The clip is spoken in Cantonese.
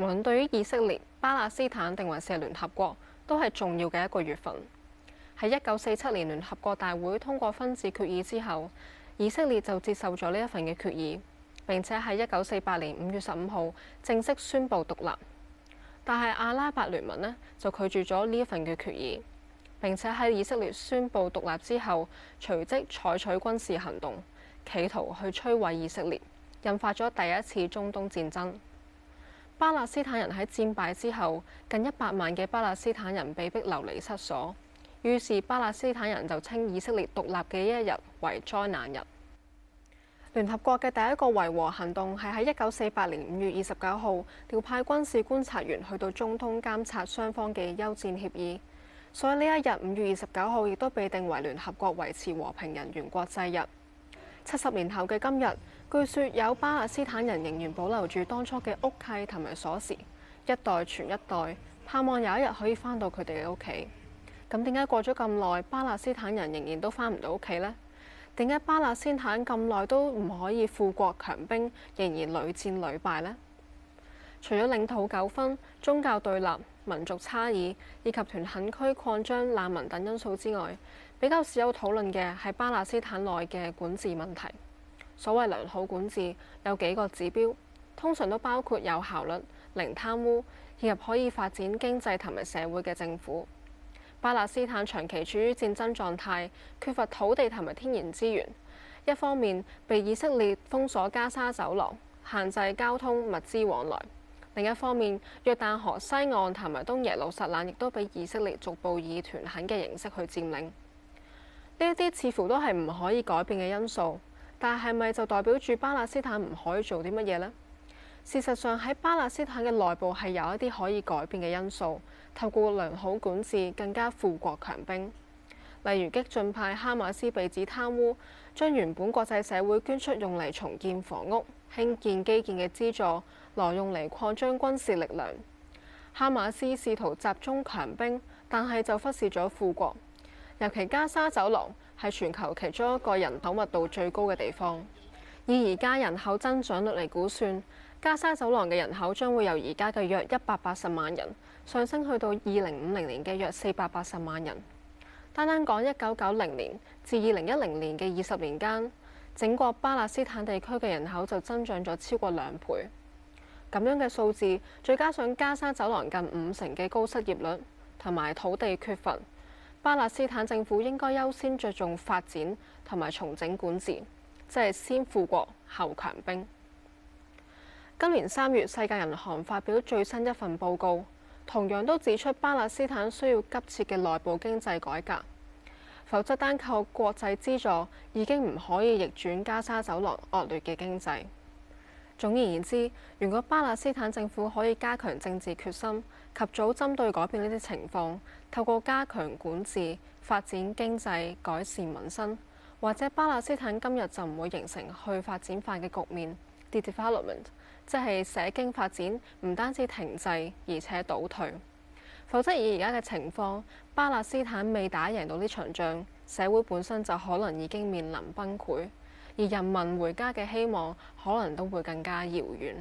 無論對於以色列、巴勒斯坦定還是聯合國，都係重要嘅一個月份。喺一九四七年聯合國大會通過分治決議之後，以色列就接受咗呢一份嘅決議，並且喺一九四八年五月十五號正式宣布獨立。但係阿拉伯聯盟呢，就拒絕咗呢一份嘅決議，並且喺以色列宣布獨立之後，隨即採取軍事行動，企圖去摧毀以色列，引發咗第一次中東戰爭。巴勒斯坦人喺戰敗之後，近一百萬嘅巴勒斯坦人被逼流離失所，於是巴勒斯坦人就稱以色列獨立嘅一日為災難日。聯合國嘅第一個維和行動係喺一九四八年五月二十九號調派軍事觀察員去到中東監察雙方嘅休戰協議，所以呢一日五月二十九號亦都被定為聯合國維持和平人員國際日。七十年後嘅今日。據說有巴勒斯坦人仍然保留住當初嘅屋契同埋鎖匙，一代傳一代，盼望有一日可以翻到佢哋嘅屋企。咁點解過咗咁耐，巴勒斯坦人仍然都翻唔到屋企呢？點解巴勒斯坦咁耐都唔可以富國強兵，仍然屢戰屢敗呢？除咗領土糾紛、宗教對立、民族差異以及屯墾區擴張、難民等因素之外，比較少有討論嘅係巴勒斯坦內嘅管治問題。所謂良好管治有幾個指標，通常都包括有效率、零貪污，以及可以發展經濟同埋社會嘅政府。巴勒斯坦長期處於戰爭狀態，缺乏土地同埋天然資源。一方面被以色列封鎖加沙走廊，限制交通物資往來；另一方面，約旦河西岸同埋東耶路撒冷亦都俾以色列逐步以屯墾嘅形式去佔領。呢一啲似乎都係唔可以改變嘅因素。但係咪就代表住巴勒斯坦唔可以做啲乜嘢呢？事實上喺巴勒斯坦嘅內部係有一啲可以改變嘅因素，透過良好管治更加富國強兵。例如激進派哈馬斯被指貪污，將原本國際社會捐出用嚟重建房屋、興建基建嘅資助挪用嚟擴張軍事力量。哈馬斯試圖集中強兵，但係就忽視咗富國，尤其加沙走廊，係全球其中一個人口密度最高嘅地方。以而家人口增長率嚟估算，加沙走廊嘅人口將會由而家嘅約一百八十萬人上升去到二零五零年嘅約四百八十萬人。單單講一九九零年至二零一零年嘅二十年間，整個巴勒斯坦地區嘅人口就增長咗超過兩倍。咁樣嘅數字，再加上加沙走廊近五成嘅高失業率同埋土地缺乏。巴勒斯坦政府應該優先着重發展同埋重整管治，即係先富國後強兵。今年三月，世界銀行發表最新一份報告，同樣都指出巴勒斯坦需要急切嘅內部經濟改革，否則單靠國際資助已經唔可以逆轉加沙走廊惡劣嘅經濟。總而言之，如果巴勒斯坦政府可以加強政治決心，及早針對改變呢啲情況，透過加強管治、發展經濟、改善民生，或者巴勒斯坦今日就唔會形成去發展化嘅局面 （de-development），即係社經發展唔單止停滯，而且倒退。否則以而家嘅情況，巴勒斯坦未打贏到呢場仗，社會本身就可能已經面臨崩潰。而人民回家嘅希望，可能都會更加遙遠。